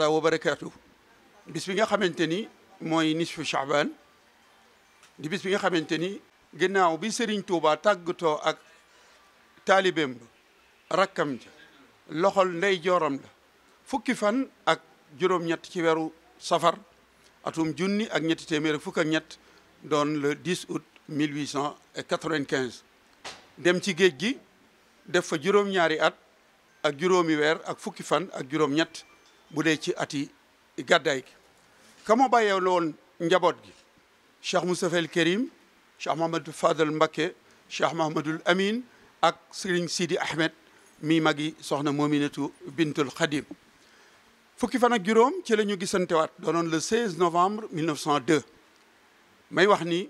taala wa barakaatu bis bi nga xamante ni mooy nisfu Shaaban di bis bi nga xamante ni ginnaaw bi Serigne Touba tàggatoo ak taalibeem ba rakkam ja loxol ndey jooram la fukki fan ak juróom-ñett ci weeru safar atum junni ak ñetti téeméer ak fukk ak ñett doon le 10 août 1895 dem ci géej gi def fa juróom-ñaari at ak juróomi weer ak fukki fan ak juróom-ñett bu dee ci ati gàddaay gi kam mu bàyyee loon njaboot gi cheikh moustapha el kérim cheikh mahamadou fadal mbakke cheikh mahamadul amin ak sëriñ sidi ahmed mi magi soxna moominatu bintul xadim fukki fan ak juróom ci la ñu gisantewaat doonoon le 16 novembre 1902 may wax ni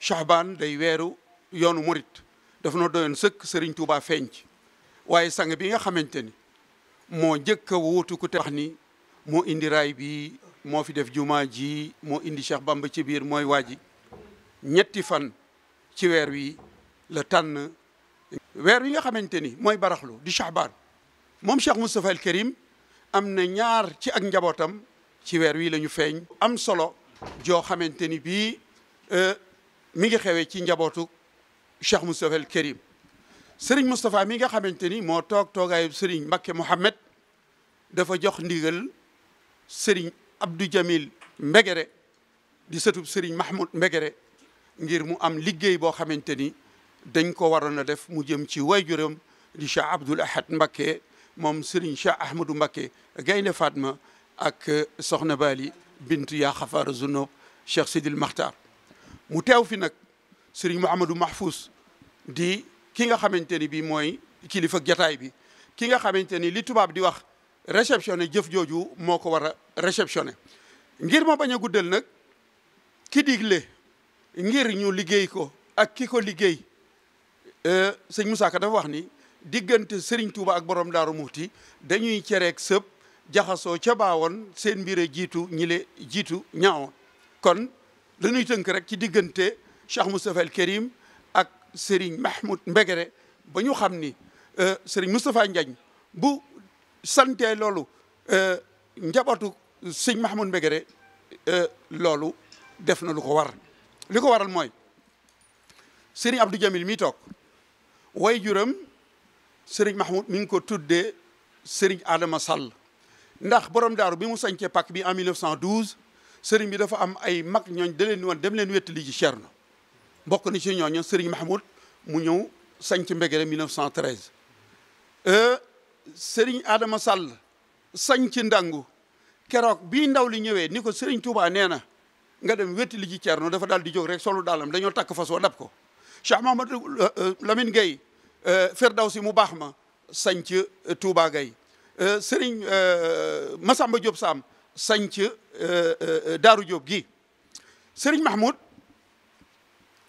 chahbaan day weeru yoonu murit daf noo doyoon sëkk sëriñ tuubaa feeñ ci waaye sang bi nga xamante ni moo njëkk a wuutu ku te wax ni moo indi raay bi moo fi def jumaa ji moo indi Cheikh Bamba ci biir mooy waa ji ñetti fan ci weer wi la tànn weer wi nga xamante ni mooy baraxlu di Shahbaan moom Cheikh Moustapha El Karim am na ñaar ci ak njabootam ci weer wi lañu feeñ am solo joo xamante ni bii euh, mi ngi xewee ci njabootu Cheikh Moustapha El Karim sëriñ Moustapha mi nga xamante ni moo toog toogaayu sëriñ Mbakke Mouhamed dafa jox ndigal sëriñ Abdou Jamil Mbegere di sëtub sëriñ Mahmoud Mbegere ngir mu am liggéey boo xamante ni dañ ko waroon a def mu jëm ci way waajuram di Cheikh Abdoul Ahad Mbakke moom sëriñ Cheikh Ahmadou Mbakke Gaynde Fatma ak Soxna Bali bintu yaa xafaara zunub Cheikh Sidil Makhtar mu teew fi nag sëriñ Mouhamadou Mahfous di. ki nga xamante ni bii mooy kilifa jataay bi ki nga xamante ni li tubaab di wax réceptionné jëf jooju moo ko war a réceptionné ngir ma bañ a guddal nag ki digle ngir ñu liggéey ko ak ki ko liggéey euh, sëñ Moussa Ka dafa wax ni diggante Serigne Touba ak borom Daaru Muxti dañuy cereeg sëb jaxasoo ca baawoon seen mbire jiitu ñile jiitu ñaawoon kon dañuy tënk rek ci diggante Cheikh Moustapha El Kérim Serigne Mahmoud Mbegere ba ñu xam ni euh, Serigne Moustapha Ndiagne bu santee loolu euh, njabootu sëñ Mahmoud Mbegere euh, loolu def na lu ko war li ko waral mooy Serigne Abdou Jamil mi toog way juram Serigne Mahmoud mi ngi ko tuddee Serigne Adama Sall ndax borom daaru bi mu sañcee pàkk bi en 1912 Serigne bi dafa am ay mag ñooñ da leen woon dem leen wettali ci Cerno mbokk na ci ñooñu Serigne Mahmoud mu ñëw sañ ci Mbegere 1913 Serigne Adama Sall sañ ci Ndangu keroog bii ndaw li ñëwee ni ko Serigne Touba nee na nga dem wetti li ci Ceerno dafa daal di jóg rek solu daalam dañoo takk fas wa dab ko Cheikh Mahamadou euh, euh, Lamine Gueye euh, Firdawsi mu baax ma sañ ci sëriñ Gueye Serigne Massamba Diop Sam sañc ci Daaru Diop gi Serigne Mahmoud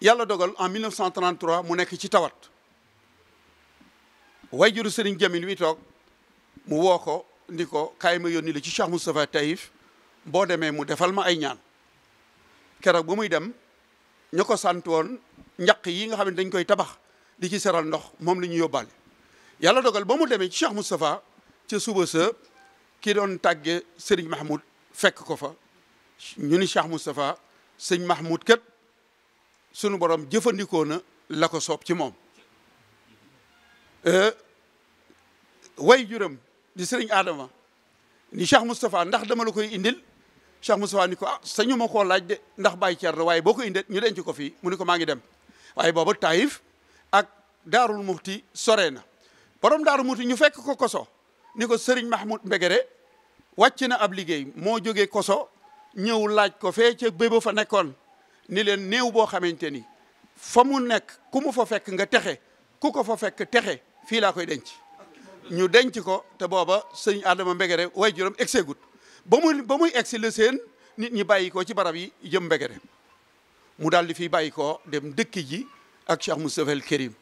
yàlla dogal en 1933 mu nekk ci tawat way wayjuru Serigne Jamin wi toog mu woo ko ni ko kaay ma yónni la ci Cheikh Moustapha Taïf boo demee mu defal ma ay ñaan keroog ba muy dem ña ko sant woon njaq yi nga xam ne dañ koy tabax di ci seral ndox moom la ñu yóbbaale yàlla dogal ba mu demee ci Cheikh Moustapha ca suba sa ki doon tàgge Serigne Mahmoud fekk ko fa ñu ni Cheikh Moustapha sëñ Mahmoud kat sunu borom jëfandikoo na la ko soob ci moom euh, way juram di sëriñ Adama ni Cheikh Moustapha ndax dama la koy indil Cheikh Moustapha ni ko ah sañu ma koo laaj de ndax bàyyi cer la waaye boo ko indee ñu denc ko fii mu ni ko maa ngi dem waaye booba Taïf ak Daarul Muxti sore na borom daaru Muxti ñu fekk ko koso ni ko sëriñ Mahmoud Mbegere wàcc na ab liggéey moo jógee koso ñëw laaj ko fee ca béba fa nekkoon ni leen néew boo xamante ni fa mu nekk ku mu fa fekk nga texe ku ko fa fekk texe fii laa koy denc ñu denc ko te booba sëñ Adama Mbegere way juróom egseegut ba muy ba muy egsi la seen nit ñi bàyyi ko ci barab yi jëm Mbegere mu daal di fi bàyyi ko dem dëkk ji ak Cheikh Moustapha El Kérim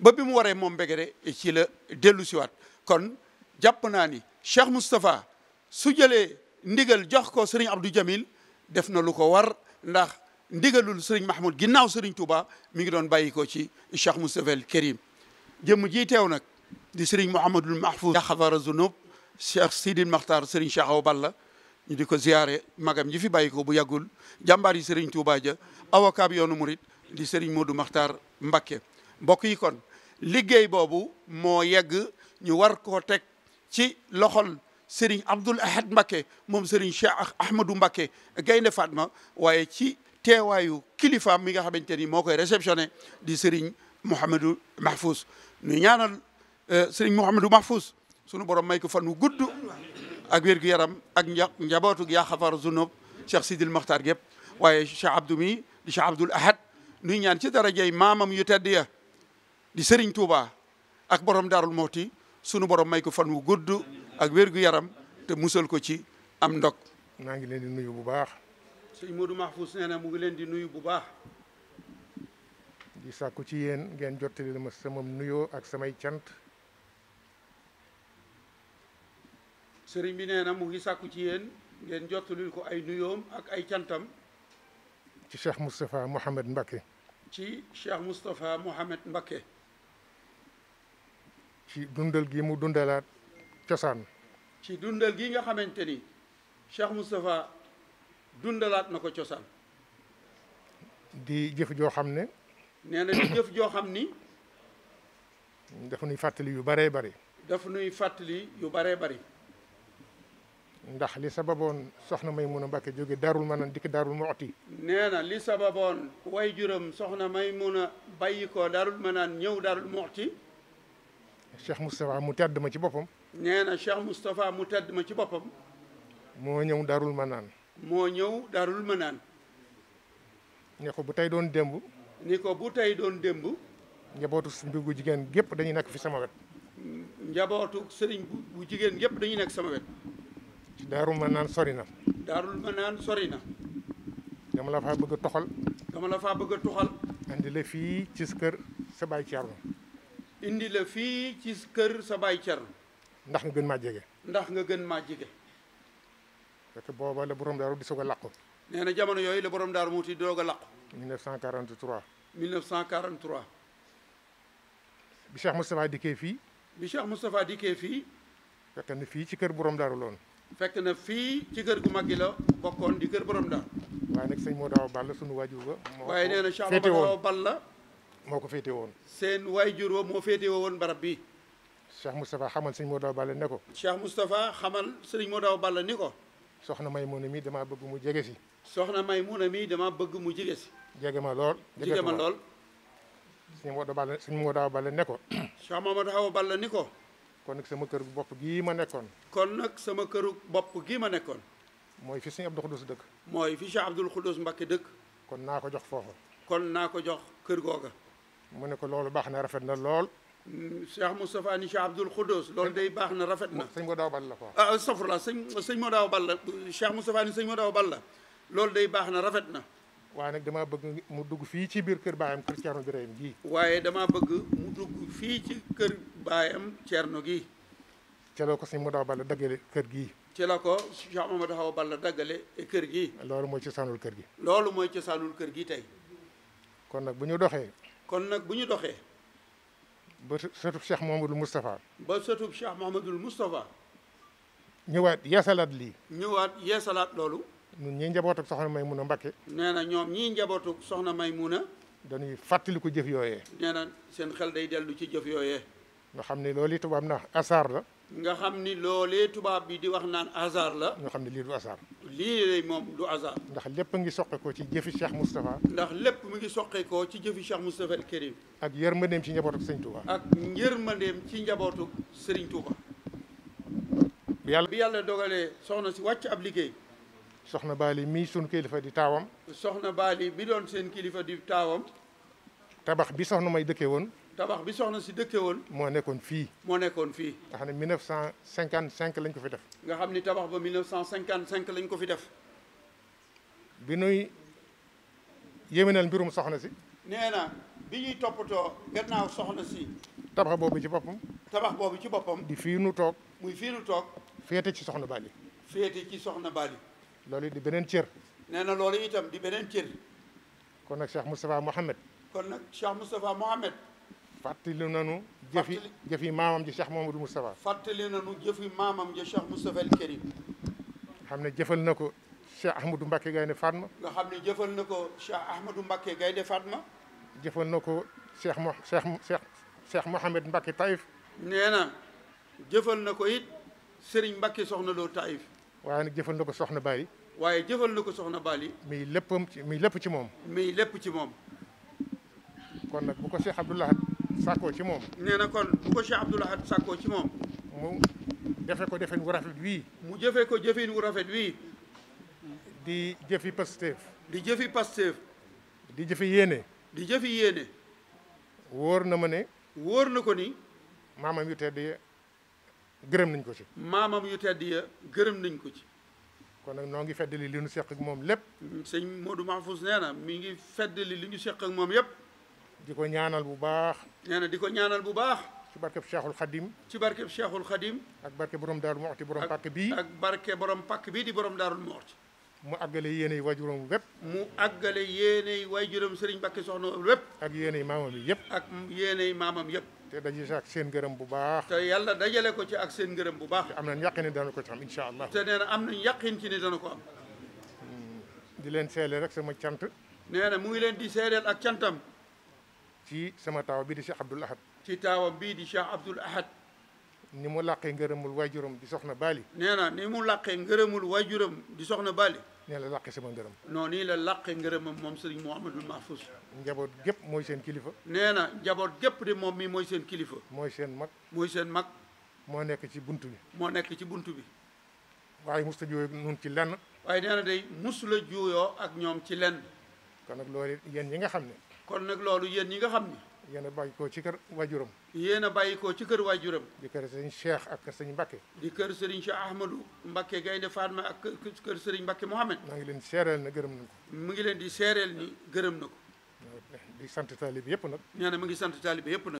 ba bi mu waree moom Mbegere ci la dellu siwaat kon jàpp naa ni Cheikh Moustapha su jëlee ndigal jox ko sëriñ Abdou Jamil def na lu ko war ndax ndigalul sëriñ Mahmoud ginnaaw sëriñ Touba mi ngi doon bàyyi ci Cheikh Moustapha al Karim jëmm jii teew nag di sëriñ Mouhamadul Mahfouz xafara zunub Cheikh Sidin Makhtar sëriñ Cheikh Awa Balla di ko ziyaare magam ji fi bàyyi bu yàggul jàmbaar yi sëriñ Touba ja awakaab yoonu murit di sëriñ Modou Makhtar Mbakke mbokk yi kon liggéey boobu moo yegg ñu war koo teg ci loxol sëriñ Abdoul Ahad Mbakke moom sëriñ Cheikh Ahmadou Mbakke gaynde Fatma waaye ci teewaayu kilifaam mi nga xamante ni moo koy réceptionné di Serigne Mouhamadou Mahfouz ñu ñaanal euh, Serigne Mouhamadou Mahfouz sunu borom may ko fan wu gudd ak wér yaram ak njabootu yaa xafar zunub Cheikh Sidil Mokhtar gépp waaye Cheikh Abdou mi di Cheikh Abdoul Ahad nuy ñaan ci darajey maamam yu tedd ya di Serigne tuuba ak borom Darou Mouhty sunu borom may ko fan wu gudd ak wér yaram te musal ko ci am ndog. maa ngi leen di nuyu bu baax. sëñ Modou Mahfous nee na mu ngi leen di nuyu bu baax di sàkku ci yéen ngeen jottali ma sama nuyoo ak samay cant sëriñ bi nee na mu ngi sàkku ci yéen ngeen jottalil ko ay nuyoom ak ay cantam ci Cheikh mustafa Mohamed Mbacké ci Cheikh Moustapha Mohamed Mbacké ci dundal gi mu dundalaat cosaan ci dundal gi nga xamante ni Cheikh Moustapha dundalaat na ko cosaan di jëf joo xam ne nee na di jëf joo xam ni daf nuy fàttali yu bëree bëri daf nuy fàttali yu bëree bëri ndax li sababoon soxna may mun a Mbàkke jóge Daarul Manaan dikk Daarul Muxti nee na li sababoon way juróom soxna Maymuna bàyyi ko Daarul Manaan ñëw Daarul Muxti Cheikh Moustapha mu tedd ma ci boppam nee na Cheikh Moustapha mu tedd ma ci boppam moo ñëw darul Manaan moo ñëw daarul mënaan ni ko bu tey doon démb ni ko bu tey doon démb njabootu sëriñ bu jigéen gépp dañuy nekk fi sama wet njabootu sëriñ bu jigéen gépp dañuy nekk sama wet daarul naan sori na daarul mënaan sori na dama la faa bëgg a toxal dama la faa bëgg a toxal indi la fii ci kër sa baay Cerno indi la fii ci kër sa baay Cerno ndax nga gën maa jege ndax nga gën maa jege fekk booba la borom daaru di soog a làqu nee na jamono yooyu la borom daaru muuti di soog a làqu 1943 1943 bi Cheikh Moustapha dikkee fii bi Cheikh Moustapha dikkee fii fekk na fii ci kër borom daaru loon fekk na fii ci kër gu mag gi la bokkoon di kër borom daaru waaye nag sëñ moo daaw ball sunu waajur ba waaye nee na Cheikh moo daaw ball la moo ko féete woon seen waajur ba moo féete woon barab bi Cheikh Moustapha xamal sëñ moo daaw ball ne ko Cheikh Moustapha xamal sëriñ moo daaw ball ni ko soxna may Maymuna mii damaa bëgg mu jege si. soxna may Maymuna mii damaa bëgg mu jege si. jege ma lool jege ma lool. suñu Modou Balla suñu Modou Awa Balla ne ko. ma Mamadou Awa Balla ni ko. kon nag sama kër bopp gii ma nekkoon. kon nag sama këru bopp gii ma nekkoon. mooy fi suñu Abdou Khoudous dëkk. mooy fi Cheikh Abdoul Khoudous Mbacké dëkk. kon naa ko jox foofa. kon naa ko jox kër googa. mu nekk loolu baax na rafet na lool. Cheikh Moustapha ni Cheikh Abdoul Khoudous loolu day baax na rafet na sëñ Modou Awa Balla ko ah safurla sëñ sëñ Modou Awa Balla Cheikh Moustapha ni sëñ Modou Awa Balla loolu day baax na rafet na waaye nag damaa bëgg mu dugg fii ci biir kër baayam kër Thierno Birahim gii waaye damaa bëgg mu dugg fii ci kër baayam Thierno gii ca la ko sëñ Modou Awa Balla daggale kër gii ci la ko Cheikh Mamadou Awa Balla daggale e kër gii loolu mooy cosaanul kër gi loolu mooy cosaanul kër gi tey kon nag bu ñu doxee kon nag bu ñu doxee ba sëtub Cheikh Mouhamadul Moustapha. ba sëtub Cheikh Mouhamadul Moustapha. ñëwaat yeesalaat lii. ñëwaat yeesalaat loolu. ñun ñii njabootuk soxna Maymuna Mbakke. nee na ñoom ñii njabootuk soxna Maymuna. dañuy fàttali jëf yooyee. nee na seen xel day dellu ci jëf yooyee. nga xam ne loolu tubaab na asaar la. nga xam ni loolee tubaab bi di wax naan hasard la. nga xam ne lii du hasard. lii lay moom du hasard. ndax lépp ngi soqeekoo ci jëfi Cheikh Moustapha. ndax lépp mu ngi soqeekoo ci jëfi Cheikh Moustapha El Karim. ak yërmandeem ci njabootu Serigne Touba. ak yërmandeem ci njabootu Serigne Touba. bi yàlla bi yàlla dogalee soxna si wàcc ab liggéey. soxna Baali mii sunu kilifa di taawam. soxna Baali bi doon seen kilifa di taawam. tabax bi soxna may dëkkee woon. tabax bi soxna si dëkke woon moo nekkoon fii moo nekkoon fii nga xam ne 1955 lañ ko fi def nga xam ni tabax ba 1955 lañ ko fi def bi nuy yéwénal mbirum soxna si nee na bi ñuy toppatoo gannaaw soxna si tabax boobu ci boppam tabax boobu ci boppam di fii nu toog muy fii nu toog féete ci soxna Bali féete ci soxna Bali loolu di beneen cër nee na loolu itam di beneen cër kon nag Cheikh Moustapha Mohamed kon nag Cheikh Moustapha Mohamed fàttali nanu jëfi jëfi maamam ji Cheikh Mouhamadou Moustapha fàttali nanu jëfi maamam ji Cheikh Moustapha El Karim xam ne jëfal na ko Cheikh Ahmadou Mbacké Gaynde Fatma nga xam ne jëfal na ko Cheikh Ahmadou Mbacké Gaynde Fatma jëfal na ko Cheikh mo Cheikh Cheikh Cheikh Mouhamed Mbacké Taïf nee na jëfal na ko it Serigne Mbacké soxna loo Taïf waaye nag jëfal na ko soxna Bali waaye jëfal na ko soxna Bali muy léppam ci muy lépp ci moom muy lépp ci moom kon nag bu ko Cheikh Abdoul sàkkoo ci moom nee na kon bu ko Cheikh Abdoul Ahad sàkkoo ci moom mu jëfe ko jëfin wu rafet wii mu jëfe ko jëfin wu rafet wii di jëfi Pastef di jëfi Pastef di jëfi yéene di jëfi yéene wóor na ma ne wóor na ko ni maamam yu tedd ya gërëm nañ ko ci maamam yu tedd gërëm nañ ko ci kon nag noo ngi feddali li ñu seq ak moom lépp mm, sëñ Modou Mahfouz nee na mi ngi feddali li ñu seq ak moom yépp di ko ñaanal bu baax. nee na di ko ñaanal bu baax. ci barkeb Cheikhul Khadim. ci barkeb Cheikhul Khadim. ak barke borom Darou Mouhty borom pàkk bii. ak barke borom pàkk bii di borom Darou Mouhty. mu àggale yéenay waajuram wépp mu àggale yéenay waajuram Serigne Mbacké Soxna wépp ak yéenay maamam yëpp. ak yéenay maamam yëpp. te daje si ak seen gërëm bu baax. te yàlla dajale ko ci ak seen gërëm bu baax. am na yàqin ne dana ko ci am incha allah. te nee am nañu yàqin ci ne dana hmm. leen seedeel rek sama cant. nee na mu ngi leen di seedeel ak cantam. ci sama taaw bii di Cheikh Abdoul Ahad ci taawam bii di Cheikh Abdoul Ahad ni mu làqee ngërëmul waajuram di soxna Baali nee na ni mu làqee ngërëmul waajuram di soxna Baali nee la làqee sama ngërëm non nii la làqee ngërëmam moom sëriñ Mouhamadul Mahfouz njaboot gépp mooy seen kilifa nee na njaboot gépp di moom mii mooy seen kilifa mooy seen mag mooy seen mag moo nekk ci bunt bi moo nekk ci bunt bi waaye musta juuyoo nun ci lenn waaye nee na day mus juuyoo ak ñoom ci lenn kon nag loolu yéen nga xam ne kon nag loolu yéen ñi nga xam ni yéen a bàyyi koo ci kër waajuram yéen a bàyyi koo ci kër waajuram di kër sëriñ Cheikh ak kër sëriñ Mbacke di kër sëriñ Cheikh Ahmadou Mbacke Gaynde Fatma ak kër sëriñ Mbacke Mohamed maa ngi leen seereel na gërëm mu ngi leen di seereel ni gërëm na ko di sant taalibe yëpp nag nee na mu ngi sant taalibe yëpp nag